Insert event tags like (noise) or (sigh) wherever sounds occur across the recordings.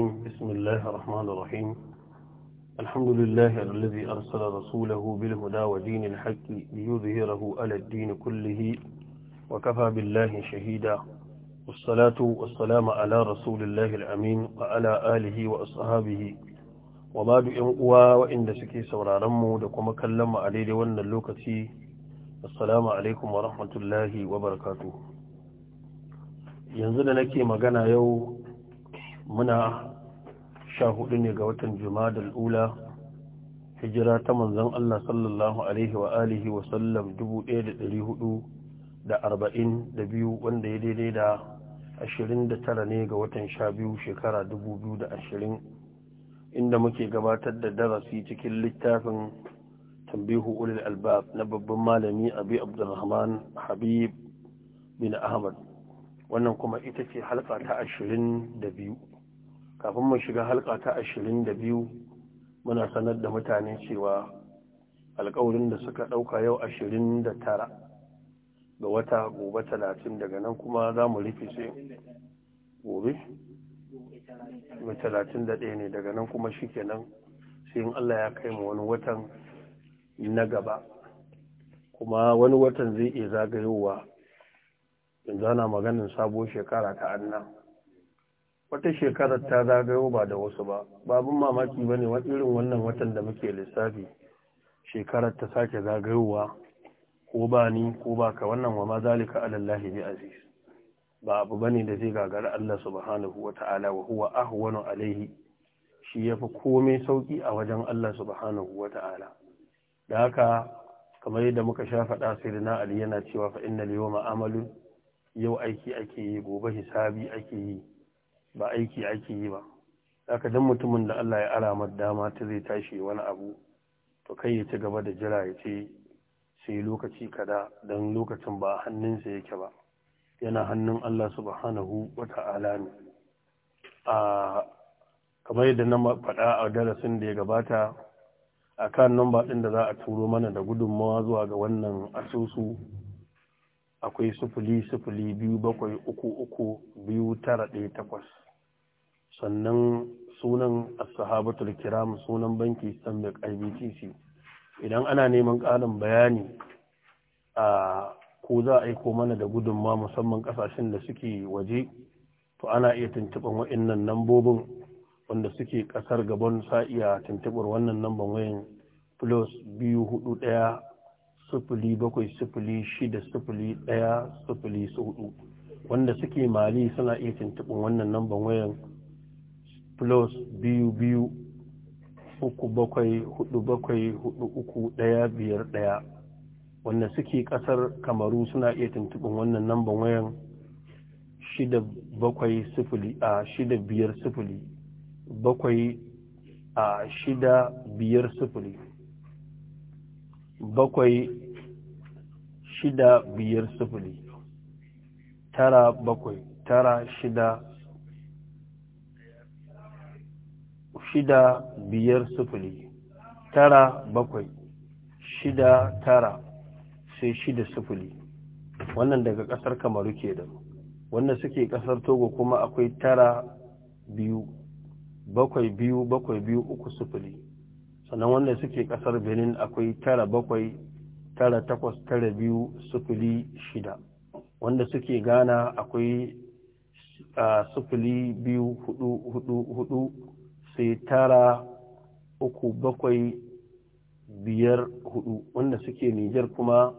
بسم الله الرحمن الرحيم الحمد لله الذي أرسل رسوله بالهدى ودين الحق ليظهره على الدين كله وكفى بالله شهيدا والصلاة والسلام على رسول الله الأمين وعلى آله وأصحابه وبعد إنقوى وإن سكي سورا رمو لكم كلم عليه وأن اللوكتي السلام عليكم ورحمة الله وبركاته ينزل لك مغانا يوم muna sha hudu ne ga watan da ula hijira ta manzon Allah sallallahu alaihi wa alihi wa sallam 1442 wanda ya daidai da 29 ne ga watan sha biyu shekara 2020 inda muke gabatar da darasi cikin littafin tambihu ulil albab na babban malami abi abdulrahman habib bin ahmad wannan kuma ita ce halka ta ashirin da biyu kafin mu shiga halka ta ashirin da biyu muna sanar da mutane cewa alkawarin da suka ɗauka yau ashirin da tara ga wata gobe talatin daga nan kuma za mu rufe sai gobe mai talatin da ɗaya ne daga nan kuma shi nan. sai in Allah ya kai mu wani watan na gaba kuma wani watan zai iya zagayowa yanzu ana maganin sabuwar shekara ta anna wata shekarar ta zagayo ba da wasu ba babin mamaki ba ne irin wannan watan da muke lissafi shekarar ta sake zagayowa ko ba ni ko ba ka wannan wa ma zalika alallahi bi aziz ba abu bane da zai gagara Allah subhanahu wa ta'ala wa huwa ahwanu alaihi shi yafi komai sauki a wajen Allah subhanahu wa ta'ala da haka kamar yadda muka sha faɗa sai da na ali yana cewa fa inna liyawma amalun yau aiki ake yi gobe hisabi ake yi ba aiki ake yi ba haka dan mutumin da Allah ya alamar dama ta zai tashi wani abu to kai ya ci gaba da jira ya ce sai lokaci kada dan lokacin ba hannunsa yake ba yana hannun Allah subhanahu wata'ala ne a kamar yadda na faɗa a darasin da ya gabata a kan namba ɗin da za a turo mana da gudunmawa zuwa ga wannan asusu akwai sufuli sufuli biyu bakwai uku uku biyu tara ɗaya takwas sannan sunan asahabatul kiram sunan banki stanbic ibtc idan ana neman ƙarin bayani a ko za a aiko mana da gudunma musamman ƙasashen da suke waje to ana iya tuntuɓar wa'innan nambobin wanda suke ƙasar gabon sa iya tuntuɓar wannan namban wayan plus biyu hudu ɗaya sufuli bakwai sufuli shida sufuli ɗaya sufuli su hudu wanda suke mali suna iya tuntuɓin wannan namban wayan plus biyu biyu uku bakwai hudu bakwai hudu uku ɗaya biyar ɗaya wanda suke ƙasar kamaru suna iya tuntuɓin wannan namban wayan shida bakwai sufuli a shida biyar sufuli bakwai a shida biyar sufuli bakwai shida biyar sufuri tara bakwai tara shida shida biyar sufuri tara bakwai shida tara sai shida sufuri wannan daga ƙasar kamaru ke da wannan suke ƙasar togo kuma akwai tara biyu bakwai biyu bakwai biyu uku sufuri sannan wanda suke ƙasar benin akwai tara bakwai tara takwas tara biyu sufuli shida wanda suke gana akwai sufuli biyu hudu hudu hudu sai tara uku bakwai biyar hudu wanda suke nijar kuma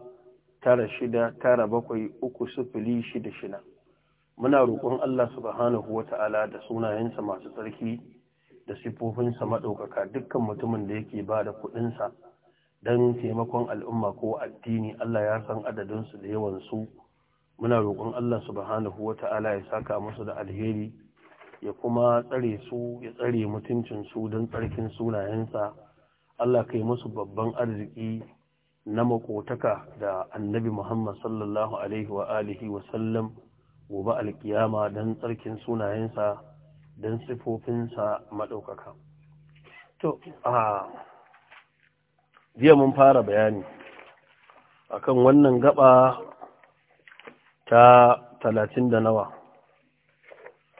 tara shida tara bakwai uku sufuli shida shida muna roƙon Allah subhanahu wa ta'ala da sunayensa masu tsarki da siffofinsa maɗaukaka dukkan mutumin da yake ba da kuɗinsa don taimakon al'umma ko addini Allah ya san adadinsu da yawansu muna roƙon Allah subhanahu wa ta'ala ya saka musu da alheri ya kuma tsare su ya tsare mutuncinsu don tsarkin sunayensa Allah kai musu babban arziki na makotaka da annabi Muhammad sallallahu alaihi wa alihi wa sallam gobe alkiyama don tsarkin sunayensa don sifofinsa maɗaukaka. To, a jiya mun fara bayani akan wannan gaba ta talatin da nawa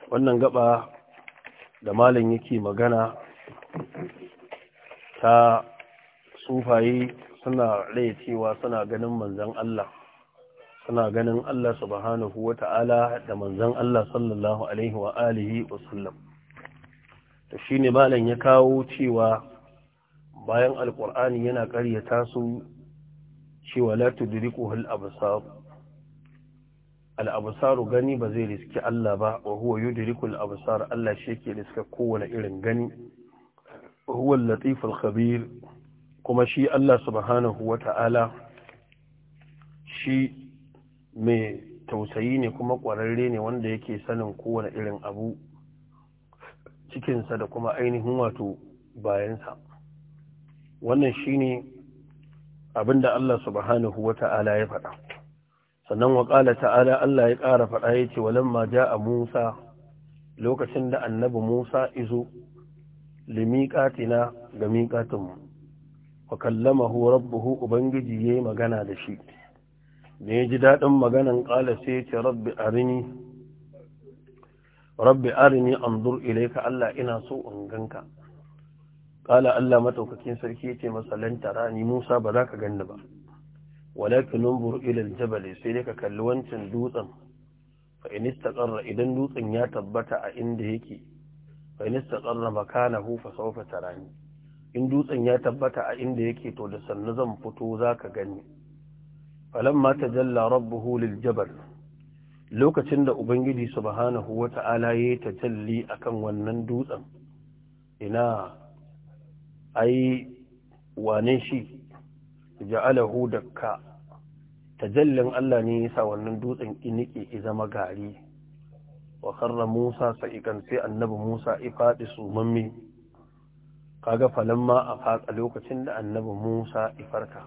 wannan gaba da malin yake magana ta sufaye suna rai cewa suna ganin manzan Allah suna ganin Allah subhanahu wa ta'ala da manzan Allah sallallahu alaihi wa alihi wasallam shi shine malam ya kawo cewa bayan alƙur'ani yana ƙaryata su cewa la tudriku hal absar gani ba zai riski Allah ba wa huwa yudriku al absar Allah shi ke riska kowane irin gani huwa al latif khabir kuma shi Allah subhanahu wa ta'ala shi mai tausayi ne kuma ƙwararre ne wanda yake sanin kowane irin abu cikinsa da kuma ainihin wato bayansa wannan shine abinda Allah subhanahu wata'ala ya faɗa sannan wa qala ta'ala Allah ya ƙara faɗa yace walamma ja'a Musa lokacin da annabi Musa izo limiqatina ga miqatinmu wa kallamahu rabbuhu ubangiji yayi magana da shi ne ya ji daɗin maganan ƙala sai ce rabbi arini rabbi arini anzur ilayka Allah ina so in ganka ƙala Allah maɗaukakin sarki ya ce masalan tarani Musa ba za ka ganni ba walakin numbur ilal jabali sai dai ka kalli wancan dutsen fa in istaqarra idan dutsen ya tabbata a inda yake fa in istaqarra makanahu fa sawfa tarani in dutsen ya tabbata a inda yake to da sannu zan fito za ka gani falamma tajalla rabbuhu lil jabal lokacin da ubangiji subhanahu wata'ala ya tajalli akan wannan dutsen ina ai wane shi ja'alahu dakka tajallin Allah ne yasa wannan dutsen inike ya zama gari wa kharra Musa sa'ikan sai annabi Musa ifadi sumamme kaga falamma a fatsa lokacin da annabi Musa farka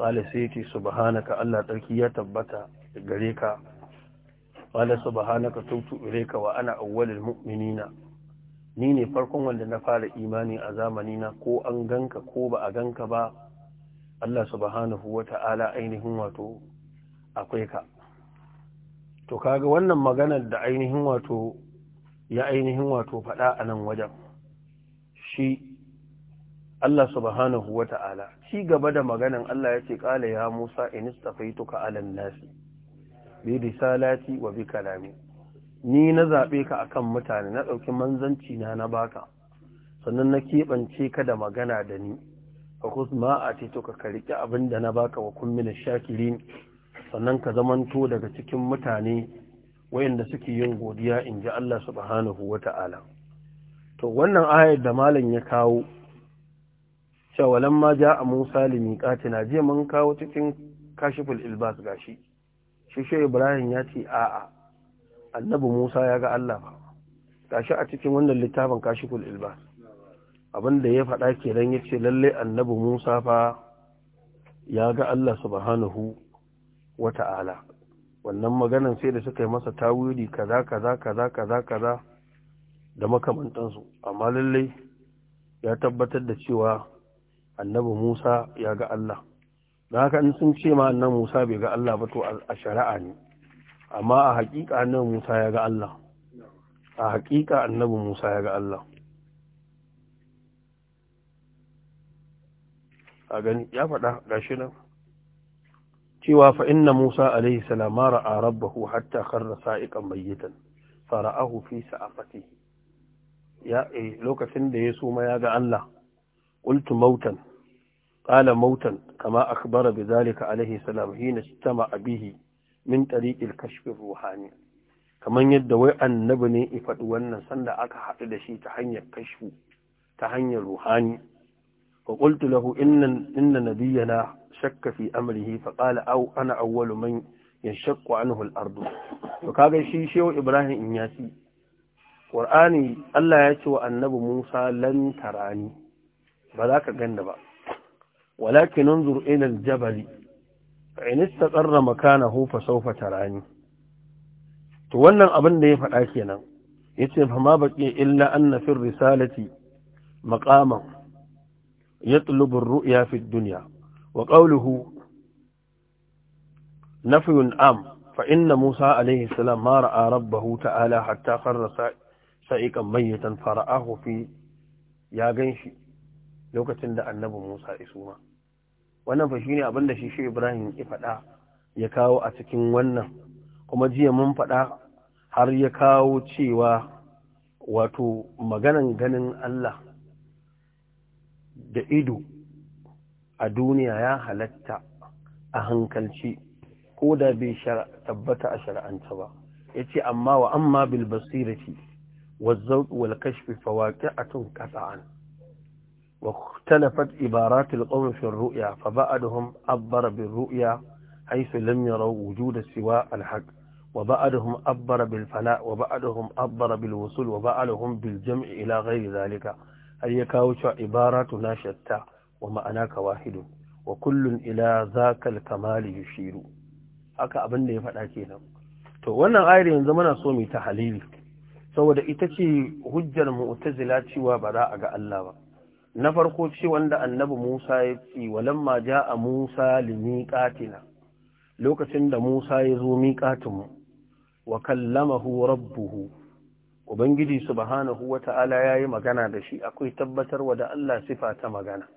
qala sayyidi subhanaka Allah tsarki ya tabbata gare ka qala subhanaka tubtu ilayka wa ana awwalul mu'minina ni ne farkon wanda na fara imani a zamani na ko an ganka ko ba a ganka ba Allah subhanahu wa ta'ala ainihin wato akwai ka to kaga wannan maganar da ainihin wato ya ainihin wato faɗa a nan wajen shi Allah subhanahu wa ta'ala ci gaba da maganan Allah ya ce kala ya Musa inistafaituka alan nasi bi risalati wa bi kalami ni na zaɓe ka akan mutane na ɗauki manzanci na na baka sannan na keɓance ka da magana da ni A kusma a to ka karki abin da na baka wa kummina shakirin sannan ka zamanto daga cikin mutane wayanda suke yin godiya in ji Allah subhanahu wa ta'ala to wannan ayar da malam ya kawo cewa lamma ja a Musa na je mun kawo cikin kashiful ilbas gashi shi Ibrahim ya ce a'a annabi Musa ya ga Allah ba a cikin wannan littafin kashiful ilbas abinda ya faɗa ke ya ce lalle annabi Musa fa ya ga Allah subhanahu wata'ala wannan maganan sai da suka yi masa tawuri kaza kaza kaza kaza kaza da makamantansu amma lalle ya tabbatar da cewa annabi Musa ya ga Allah don haka in sun ce ma annabi Musa bai ga Allah ba to a shari'a ne amma a hakika annabi Musa ya ga Allah a haƙiƙa annabi Musa ya ga Allah a gani ya faɗa gashi nan cewa fa inna Musa alaihi salam ra'a rabbahu hatta kharra sa'iqan mayyitan fara'ahu fi sa'afatihi ya eh, lokacin da ya suma ya ga Allah qultu mautan qala mautan kama akhbara bidhalika alaihi salam hina istama bihi min tariqil kashfin ruhani Kamar yadda wai annabi ne ya faɗi wannan sanda aka haɗu da shi ta hanyar kashfu ta hanyar ruhani wa qultu lahu inna inna nabiyyana shakka fi amrihi fa qala aw ana awwalu man yashaqqu anhu al-ardu to kaga shi shehu ibrahim in yasi qur'ani Allah ya ce wa annabi Musa lan tarani ba za ka ganda ba walakin unzur ila al-jabali in makana makanahu fa sawfa tarani to wannan abin da ya faɗa kenan yace fa ma baki illa anna fi risalati maqaman yatlubu ar-ru'ya fi duniya dunya wa qawluhu nafyun am fa inna musa alayhi salam ma ra'a rabbahu ta'ala hatta kharra sa'iqan mayyatan fara'ahu fi ya ganshi lokacin da annabi musa isuma wannan fa shine abin da shi shi Ibrahim ya faɗa ya kawo a cikin wannan kuma jiya mun faɗa har ya kawo cewa wato maganan ganin Allah da ido a duniya ya halatta a hankalci ko da bai tabbata a shar'anta ba ya ce amma wa amma bil basirati wa zauƙi wal kashfi fawaƙi a tun ƙasa'an واختلفت عبارات القوم في الرؤيا فبعدهم عبر بالرؤيا حيث لم يروا وجود سوى الحق وبعدهم عبر بالفناء وبعدهم عبر بالوصول وبعدهم بالجمع إلى غير ذلك هل يكاوش عباراتنا شتى ومعناك واحد وكل إلى ذاك الكمال يشير haka abin da ya faɗa kenan to wannan ayar yanzu muna so mu ta halili saboda ita ce hujjar mu'tazila cewa ba za a ga Allah ba na farko shi wanda annabi Musa ya ce walamma ja'a Musa limiqatina lokacin da Musa ya zo miqatinmu wa kallamahu rabbuhu ubangiji subhanahu wata'ala yayi magana da shi akwai tabbatarwa da Allah sifa ta magana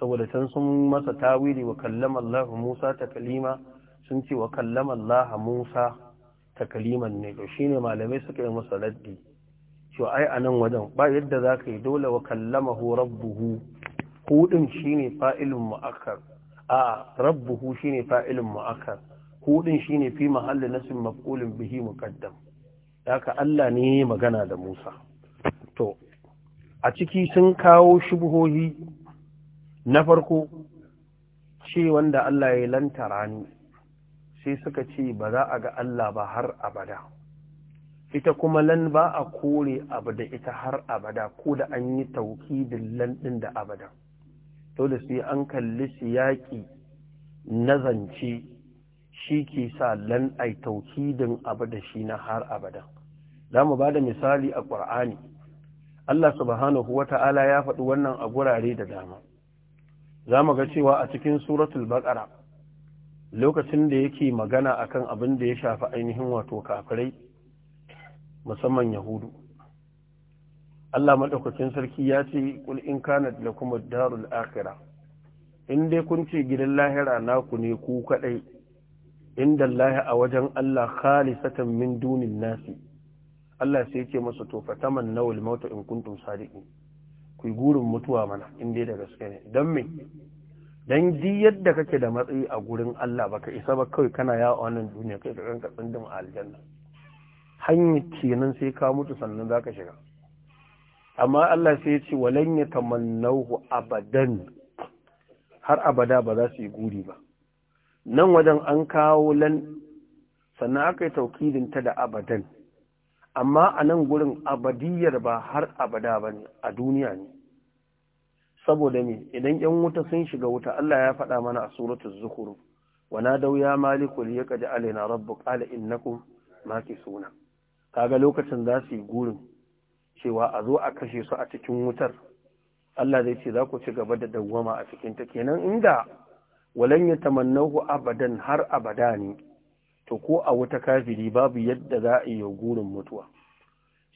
saboda can sun masa tawili wa kallama Musa taklima sun ce wa kallama Musa takaliman ne to shine malamai suka yi masa laddi. cewa ai a nan wajen ba yadda za ka yi dole wa kallama hu rabbuhu hudin shi ne fa'ilin ma’akar a rabbuhu shi ne fa'ilin ma’akar hudin shi ne fi mahalli nasin maf'ulin bihi muqaddam ka Allah ne magana da Musa to a ciki sun kawo shubuhohi na farko ce wanda Allah ya lantara ni sai suka ce ba za a ga Allah ba har abada ita kuma lan ba a kore abu da ita har abada ko da an yi taukidin lan ɗin da abada dole sai an kalli siyaƙi na zance shi ke sa lan ai taukidin abu da shi na har abada za mu ba da misali a ƙur'ani Allah subhanahu wa ta'ala ya faɗi wannan a gurare da dama za mu ga cewa a cikin suratul baƙara lokacin da yake magana akan abin da ya shafi ainihin wato kafirai musamman yahudu Allah madaukakin sarki ya ce kul in kanat da kuma darul akhirah in dai kun ce gidan lahira naku ne ku kadai inda lahi a wajen Allah khalisatan min dunin nasi Allah sai yake masa to fataman tamannawul mauta in kuntum sadiqin ku gurin mutuwa mana in dai da gaske ne dan me dan ji yadda kake da matsayi a gurin Allah baka isa ba kawai kana yawo wannan duniya kai da ranka tsindin aljanna hanyar kenan sai ka mutu sannan za ka shiga amma Allah sai ya ce walan ya tamannahu abadan har abada ba za su yi guri ba nan wajen an kawo lan sannan aka yi taukidin ta da abadan amma a nan gurin abadiyar ba har abada ba ne a duniya ne saboda me idan yan wuta sun shiga wuta Allah ya faɗa mana a suratul zukhruf wana dau ya kaji liyaqdi alaina rabbuk ala innakum sunan. kaga lokacin za su yi gurin cewa a zo a kashe su a cikin wutar Allah zai ce za ku ci gaba da dawwama a cikin ta kenan inda walan ya tamannahu abadan har abada ne to ko a wuta kafiri babu yadda za a yi gurin mutuwa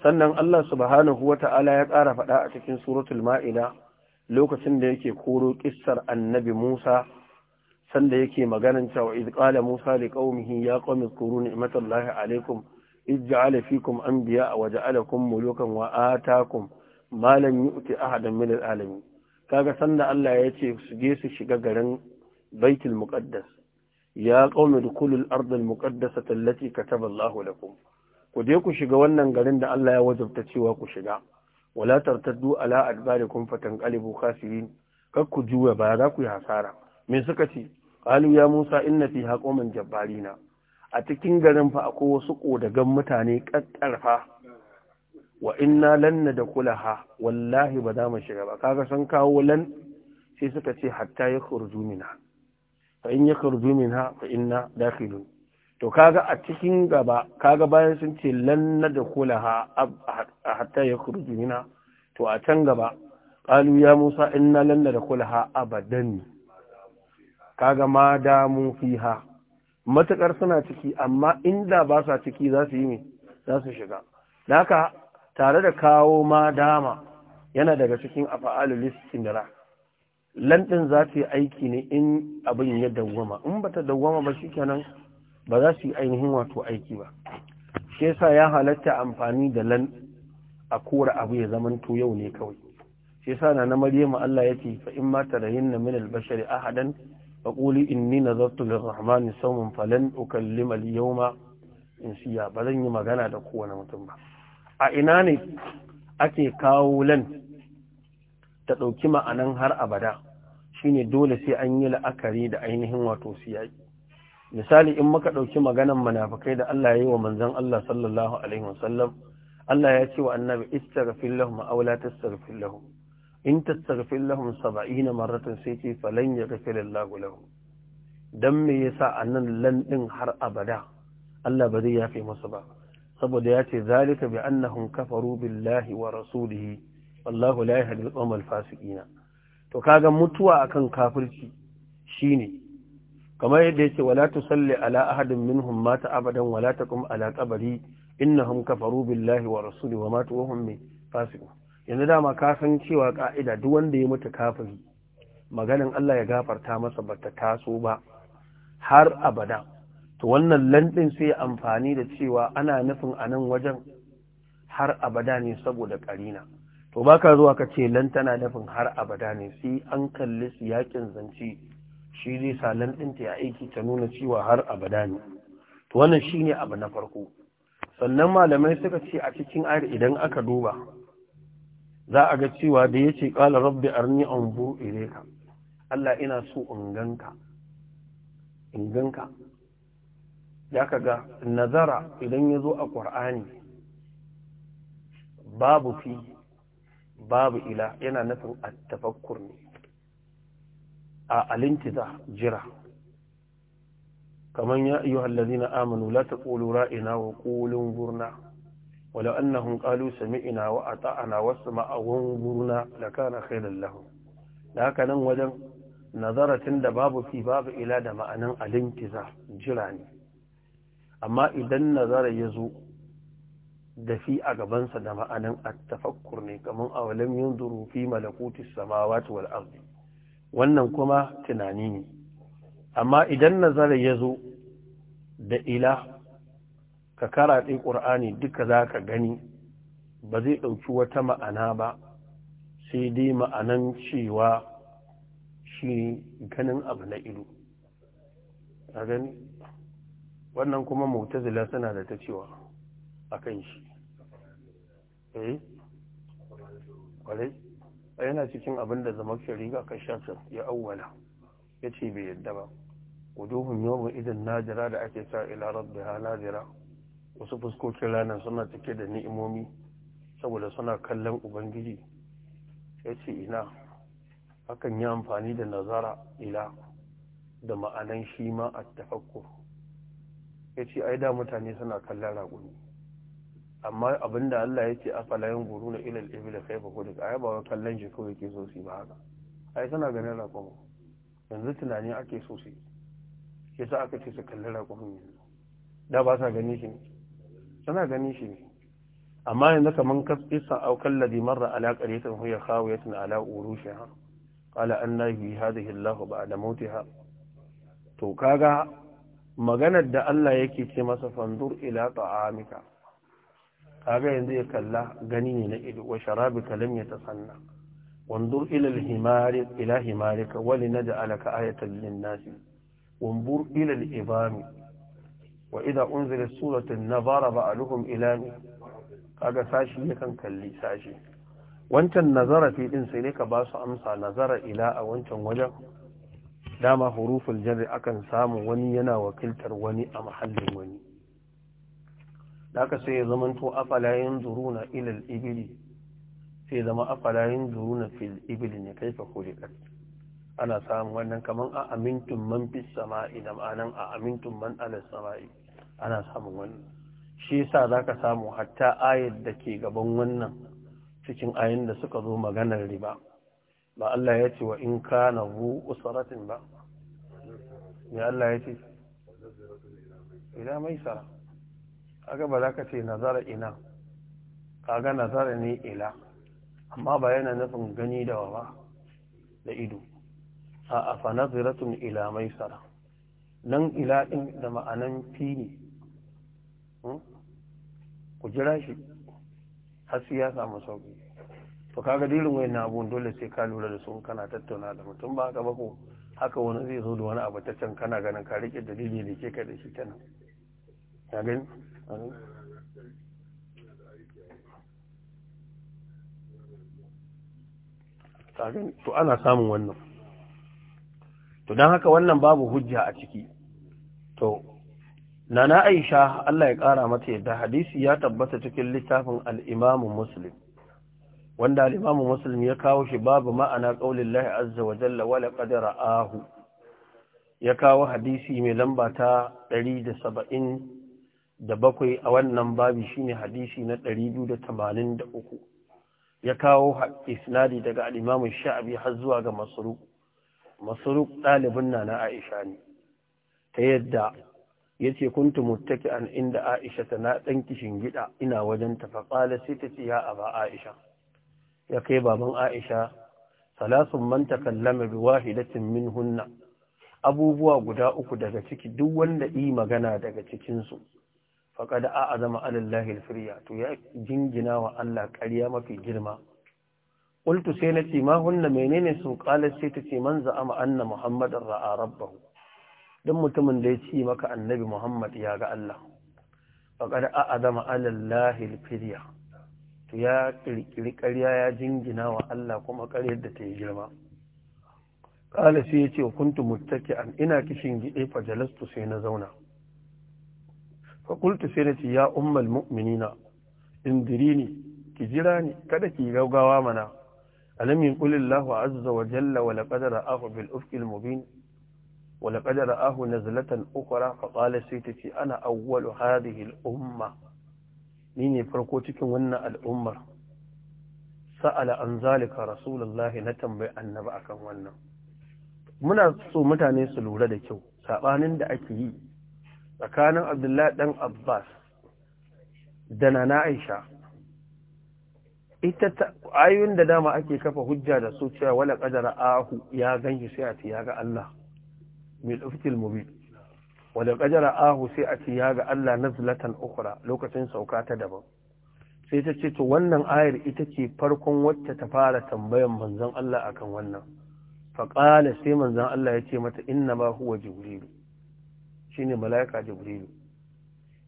sannan Allah subhanahu wata'ala ya ƙara faɗa a cikin suratul ma'ida lokacin da yake koro kissar annabi Musa sanda yake maganan cewa iz qala Musa liqaumihi ya qaumi kuruni ni'matallahi alaikum ij'ala fikum anbiya wa ja'alakum mulukan wa atakum ma lam yu'ti ahadan min al'alamin kaga sanda Allah ya ce su je su shiga garin Baitul Muqaddas ya qaumi dukulul ard al muqaddasata allati kataba Allahu lakum ku je ku shiga wannan garin da Allah ya wajabta cewa ku shiga wala tartaddu ala adbarikum fatanqalibu khasirin kar ku juya ba za ku yi hasara me suka ce qalu ya Musa inna fiha qauman jabbarina a cikin garin fa akwai wasu ƙodagan mutane ƙaƙƙarfa wa inna lan da kulaha wallahi ba za mu shiga ba kaga san kawo lan sai suka ce hatta ya khurju minha fa in ya khurju minha fa inna dakhilun to kaga a cikin gaba kaga bayan sun ce lan da kulaha hatta ya khurju minha to a can gaba qalu ya musa inna lan da kulaha abadan kaga ma damu fiha matukar suna ciki amma inda ba sa ciki za su yi ne za su shiga da haka tare da kawo ma dama yana daga cikin da ra lantin za ta yi aiki ne in abin ya dawwama in ba ta dawwama ba shi kenan ba za su yi ainihin wato aiki ba shi yasa ya halatta amfani da lan a kora abu ya zamanto yau ne kawai shi yasa na na maryama Allah ya fa in ma na min minal bashari ahadan faƙuli inni nazartu lirrahmani saumin falan ukallima al in siya. ba zan yi magana da kowane mutum ba a ina ne ake kawo lan ta ɗauki ma'anan har abada shine dole sai an yi la'akari da ainihin wato siyai? misali in muka ɗauki maganar munafikai da Allah ya yi wa manzon Allah sallallahu Allah ya ce wa annabi istaghfir lahum aw la tastaghfir lahum in tastaghfir lahum 70 marratan sai ce falan ga Allahu lahum dan me yasa annan lan din har abada Allah ba zai yafe masu ba saboda ya ce zalika bi annahun kafaru billahi wa rasulihi wallahu la yahdi al-qawmal fasiqina to kaga mutuwa akan kafirci shine kamar yadda yake wala tusalli ala ahadin minhum mata abadan wala taqum ala qabri innahum kafaru billahi wa rasulihi wa matu wa hum fasiqun yanzu dama ka san cewa ka'ida duk wanda ya mutu kafin maganin Allah ya gafarta masa ba ta taso ba har abada to wannan lantin sai amfani da cewa ana nufin a nan wajen har abada ne saboda karina to baka zuwa ka ce lan tana nufin har abada ne sai an kalli su yakin zance shi zai sa lantin ta aiki ta nuna cewa har abada ne to wannan shine abu na farko sannan malamai suka ce a cikin ayar idan aka duba za a ga cewa da ya ce ƙala rabbi arni an buru ka Allah ina so in ganka in ya ka ga nazara idan ya zo a ƙwar'ani babu fi babu ila yana nufin a tafakkur ne a alintiza jira kamar ya iya hallazi na amanu la ƙulura ina wa ƙulun gurna ولو أنهم قالوا سمعنا وأطعنا واسمع وانظرنا لكان خيرا لهم لكن وجن نظرة دباب في باب إلى دمأنا الانتزاع جراني أما إذا النظر يزو da fi a gabansa da ma'anin attafakkur ne kamar a walam yin duru fi malakuti samawati wal ardi wannan kuma tunani ne amma idan nazara ya zo da ila ka kara karaɗe ƙur'ani duka za ka gani ba zai ɗauki wata ma'ana ba sai dai ma'anan cewa shi ganin abu na ido a gani wannan kuma mutazila suna da ta cewa a kan shi eh kwarai yana cikin abin da zama shari'a ka shafin ya auwala ya ce bai yadda ba wujuhun yawon idan najira da ake sa ila rabbi ha najira wasu fuskokin ranar suna cike da ni'imomi saboda suna kallon ubangiji ya ce ina hakan yi amfani da nazara ila da ma'anan shi ma a tafakko ya ce ai da mutane suna kallon raguni amma abinda Allah ya ce a yin guru na ilal da kai ba a ai ba kallon shi kawai ke sosai ba haka ai suna ganin rakon yanzu tunani ake sosai su yi aka ce su kalli rakon yanzu da ba sa gani shi ne Sana ganin shi ne amma yanzu kaman kasbisa aw kalladhi marra ala qaryatan huwa khawiyatun kala urushiha qala da bi hadhihi da mauti mautiha to kaga maganar da Allah yake ce masa fandur ila ta'amika kaga yanzu ya kalla gani ne na ido wa sharabika lam yatasanna wanzur ila himari ila himarika wa linaj'alaka ayatan lin-nasi wanzur ila al-ibami wa idza unzilat suratun nazara aluhum ila kaga sashi yakan kalli sashi wancan nazara fi din sai ka ba su amsa nazara ila a wancan wajen dama huruful jarri akan samu wani yana wakiltar wani a mahallin wani haka sai ya zamanto afala yanzuruna ila al sai zama afala yanzuruna fil ibli ne kaifa khuliqat ana samun wannan kaman a amintun man fis sama'i da ma'anan a amintun man ala sama'i ana samun wannan shi yasa ka samu hatta ayar da ke gaban wannan cikin ayin da suka zo maganar riba ba Allah ya ce wa in na hu usaratin ba me Allah ya ce ila mai sara aga ba za ka ce nazara ina kaga nazara ne ila amma ba yana nufin gani da ba da ido a afa naziratun ila mai sara nan ila din da ma'anan fi ne Hmm? ku jira shi har su ya samu sauki to kaga dirin wayannan abun dole sai ka lura da su kana tattauna da mutum ba haka ba ko haka wani zai zo da wani abu ta can kana ganin ka rike dalili da ke ka da shi kenan ya gani to ana samun wannan to don haka wannan babu hujja a ciki to nana aisha Allah ya ƙara mata yadda hadisi ya tabbata cikin littafin al'imamun muslim wanda al'imamun muslim ya kawo shi babu ma'ana ƙaunin lahi azza wa jalla wa ahu ya kawo hadisi mai lamba ta 177 a wannan babu shine hadisi na 283 ya kawo isnadi daga al'imamun sha'abi har zuwa ga masaruk masaruk ɗalibin nana aisha ne ta yadda yace kuntu muttaki'an inda Aisha ta na dan kishin gida ina wajen ta fa sai ta ce ya ba Aisha ya kai baban Aisha salasun man takallama bi wahidatin hunna. abubuwa guda uku daga ciki duk wanda yi magana daga cikin su da a'azama zama Allah al to ya jingina wa Allah ƙarya mafi girma qultu sai nace ma hunna menene su qala sai ta ce man za'ama anna muhammadar ra'a rabbahu don mutumin da ya ci maka annabi Muhammad ya ga Allah, a a'azama alallahi fidya, to ya ƙirƙiri ƙarya ya jingina wa Allah kuma ƙaryar da ta yi girma. Ƙala sai ya ce, kuntu muttaki an ina kishin gide fajalastu sai na zauna. Fakultu sai na ce, ya ummal mu'minina, indirini, ki jira ni, kada ki gaugawa mana, alamin ƙulillahu azza wa jalla wa laƙadar ahu bil ufkil mubin. ولقد رآه نزلة أخرى فقال سيتتي أنا أول هذه الأمة نيني فرقوتك ون الأمة سأل عن ذلك رسول الله نتنبي أن نبعك ون muna so mutane su lura da kyau saɓanin da ake yi tsakanin abdullahi ɗan abbas da na aisha ita ayoyin da dama ake kafa hujja da su cewa wala ahu ya ganshi sai a ce ya ga Allah bil ufkil mubin wadda kajara ahu sai a ce ya ga Allah nazlatan ukhra lokacin sauka ta daban sai ta ce to wannan ayar ita ce farkon wacce ta fara tambayan manzon Allah akan wannan faƙara sai manzon Allah ya ce mata inna ma huwa jibrilu shine malaika jibrilu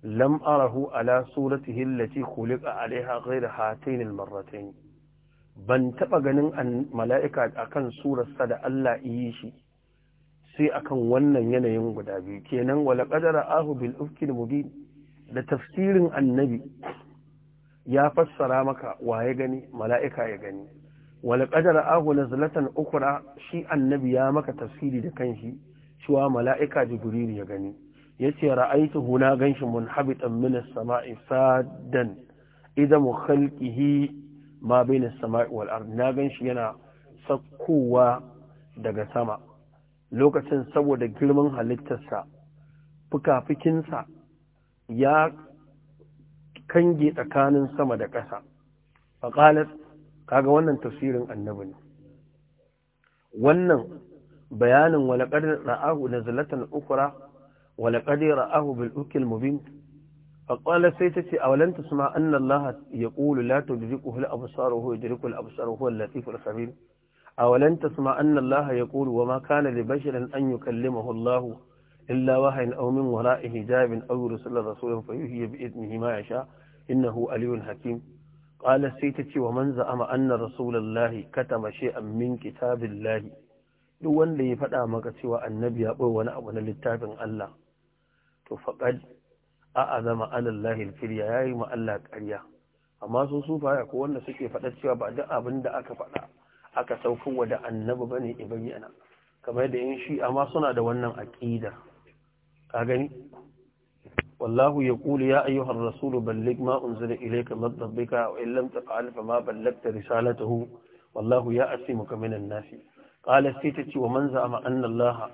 lam arahu ala suratihi allati khuliqa alaiha ghayra hatayn almarratayn ban taba ganin malaika akan surarsa da Allah yi shi sai akan wannan yanayin guda biyu kenan wala qadara ahu bil ufkil mubin da tafsirin annabi ya fassara maka waye gani mala'ika ya gani wala qadara ahu nazlatan ukra shi annabi ya maka tafsiri da kanshi cewa mala'ika jibril ya gani yace ra'aytuhu na ganshi munhabitan min as-sama'i Sadan idan khalqihi ma bayna as-sama'i wal ard na ganshi yana sakkowa daga sama lokacin saboda girman halittarsa fukafikinsa ya kange tsakanin sama da ƙasa ƙalas kaga wannan tafsirin annabi ne wannan bayanin Wani walaƙar ra'ahu na zalatan ukura walaƙar ra'ahu ukil mubin faƙalar sai ta ce a walanta suna annan lahat ya ƙulu lato da zikuhul abu saruhu da jirikul abu da latifar sabiru awalan laha ya allaha yaqulu wama kana li basharin an kalli allah illa wahyin aumin min wara'i hijabin aw yursala rasulan fayuhi bi idnihi ma yasha innahu aliyun hakim qala sai ta ce wa man za'ama anna rasulullahi katama shay'an min lahi duk wanda ya faɗa maka cewa annabi ya ɓoye wani abu na littafin Allah to faƙad a azama alallahi alfirya ya yi ma Allah ƙarya amma sun sufa ko wanda suke faɗa cewa ba duk abin da aka faɗa aka saukan wa da annabi ba ya bayyana kamar yadda yin shi amma suna da wannan aƙidar. ka gani wallahu yaqulu ya ayyuha rasulu ballig ma unzila ilayka min rabbika wa in lam taf'al fa ma ballagta risalatahu wallahu ka minan nas qala saytati wa man za'ama anna allaha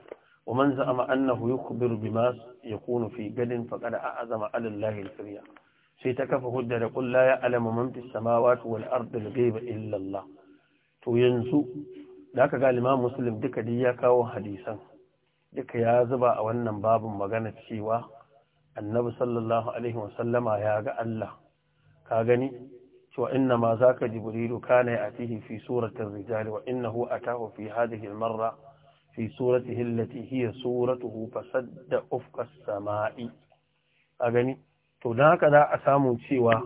wa man za'ama annahu yukhbiru bima yakunu fi gadin faqad a'zama 'ala allahi al sai ta kafa hujja da qul la ya'lamu man fis samawati wal ardi al-ghaiba illa allah to yanzu da aka ga Imam Muslim duka dai ya kawo hadisan duka ya zuba a wannan babin magana cewa Annabi sallallahu alaihi wasallama ya ga Allah ka gani cewa inna ma zaka jibrilu kana yatihi fi suratir rijal wa innahu atahu fi hadhihi al-marra fi suratihi allati hiya suratuhu fasadda ufqa as-sama'i Ka gani to don haka za a samu cewa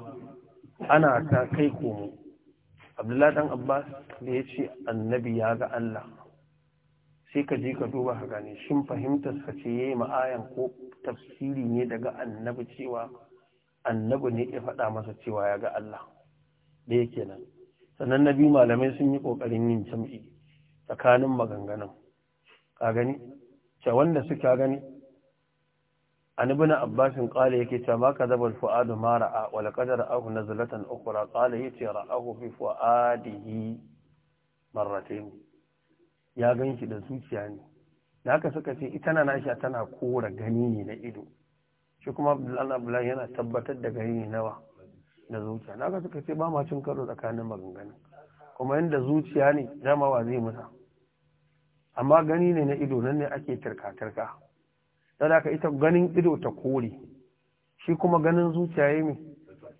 ana ta kai komo abdullahi dan abbas da ya ce annabi ya ga allah sai ka je ka duba ka gane shin fahimtar ka ce yayi ma'ayan ko tafsiri ne daga annabi cewa annabi ne ya faɗa masa cewa ya ga allah da yake nan sannan na malamai sun yi ƙoƙarin yin jam'i tsakanin maganganun ka gani ce wanda suka gani an ibn abbas qala yake cewa ma kadaba fuadu ma ra'a wa laqad ra'ahu nazlatan ukhra qala yace ra'ahu fi fuadihi marratayn ya ganshi da zuciya ne da haka suka ce ita na nashi tana kora gani ne na ido shi kuma abdullahi yana tabbatar da gani nawa na zuciya da haka suka ce ba ma cin karo tsakanin maganganu kuma yanda zuciya ne dama wa zai musa amma gani ne na ido nan ne ake tirka-tirka don haka ita ganin ido ta kore shi kuma ganin zuciya ya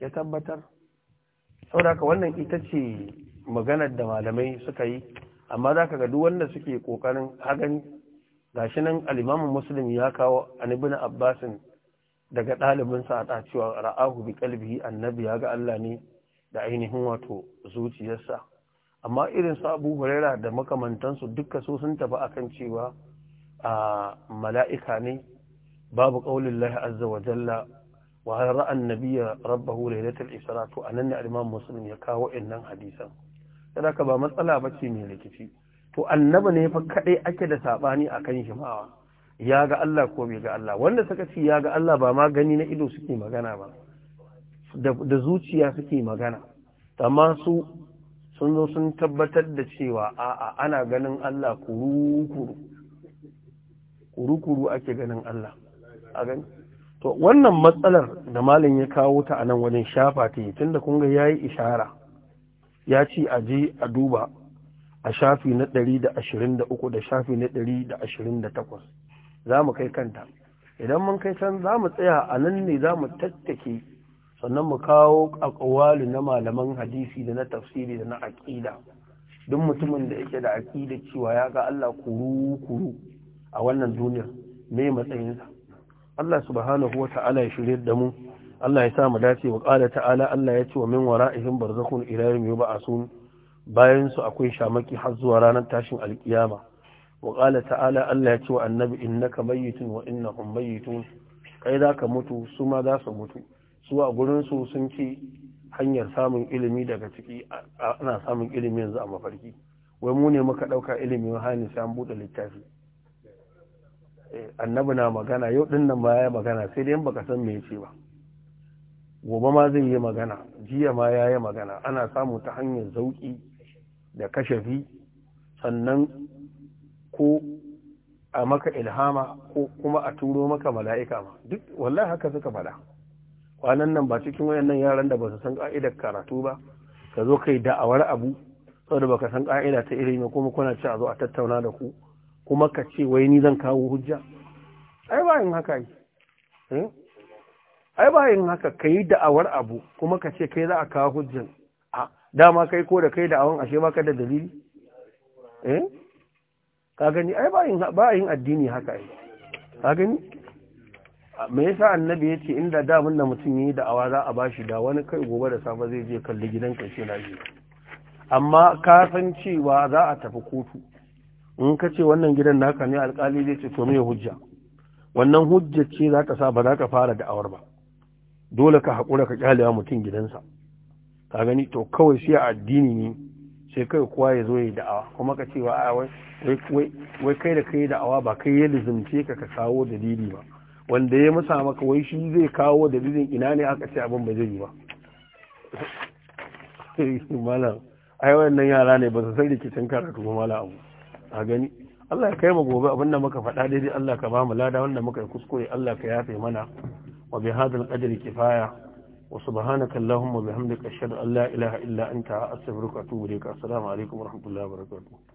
ya tabbatar saboda haka wannan ita ce maganar da malamai suka yi amma za ka duk wanda suke kokarin hagan gashi nan alimamin musulmi ya kawo anibin abbasin daga ɗalibinsa a cewa ra'ahu bi kalbihi annabi ya ga Allah ne da ainihin wato zuciyarsa amma irin su abu huraira da makamantansu duka so sun tafi akan cewa a mala'ika ne babu ƙaunin lahi azza wa jalla wa har ra'an nabiya rabbahu lailatul isra to nan ne al musulun ya kawo innan hadisan Yana ka ba matsala ba ce mai rikici to annaba ne fa kaɗai ake da saɓani a kan ma ya ga Allah ko bai ga Allah wanda suka ce ya ga Allah ba ma gani na ido suke magana ba da zuciya suke magana amma su sun zo sun tabbatar da cewa a'a ana ganin Allah kuru kuru kuru-kuru ake ganin Allah a gani to wannan matsalar da malin ya kawo ta a nan wajen shafa ta yi tun da kun ga yi ishara ya ce a je a duba a shafi na 123 da shafi na 128 za mu kai kanta idan mun kai can za mu tsaya a nan ne za mu tattake sannan mu kawo akwali na malaman hadisi da na tafsiri da na aƙida duk mutumin da yake da aƙida cewa ya ga Allah kuru kuru a wannan duniyar me matsayinsa Allah subhanahu wa ta'ala ya shirye da mu Allah ya sa mu dace wa qala ta'ala Allah ya ce wa min wara'ihim barzakhun ila yawmi yub'asun bayan su akwai shamaki har zuwa ranar tashin alkiyama wa qala ta'ala Allah ya ce wa annabi innaka mayyitun wa innahum mayyitun kai za ka mutu su ma za su mutu su a gurin su sun ce hanyar samun ilimi daga ciki ana samun ilimi yanzu a mafarki wai mu ne muka dauka ilimi hani sai an bude littafi Eh, annabi na magana yau din nan ma ya magana sai dai baka san me yace ba gobe ma zai yi magana jiya ma ya yi magana ana samu ta hanyar zauki da kashafi sannan ko a maka ilhama ko kuma a turo maka mala'ika ma duk wallahi haka suka faɗa kwanan nan ba cikin wayannan yaran da ba su san ka'idar karatu ba ka zo kai da'awar abu saboda baka san ka'ida ta ilimi kuma kuna ci a zo a tattauna da ku kuma ka ce wai ni zan kawo hujja ai ba yin haka yi eh? ai ba yin haka ka yi da'awar abu kuma ka ce kai za a kawo hujjan a dama kai ko da kai da'awan ashe baka da dalili eh ka gani ai ba yin ba yin addini haka yi ka gani me yasa annabi yace inda da mun da mutum yi da'awa za a bashi da wani kai gobe da safe zai je kalli gidan shi ce lafiya amma ka san cewa za a tafi kotu in ka ce wannan gidan naka ne alkali zai ce to me hujja wannan hujja ce za ka sa ba za ka fara da'awar ba dole ka haƙura ka kyalewa mutum gidansa ka gani to kawai sai addini ne sai kai kowa ya zo ya yi da'awa kuma ka ce wai kai da kai da'awa ba kai ya lizumce ka ka kawo dalili ba wanda ya musa maka wai shi zai kawo dalilin ina ne aka ce abin ba zai yi ba (laughs) malam ai wannan yara ne ba su san rikicin karatu ba malam abu a gani Allah ya kai mu gobe abin da muka faɗa daidai Allah ka ba mu lada wanda muka yi kuskure Allah ka yafe mana wa bi hadal qadri kifaya wa subhanaka allahumma bihamdika ashhadu an la ilaha illa anta astaghfiruka wa atubu ilaik assalamu alaikum wa rahmatullahi wa barakatuh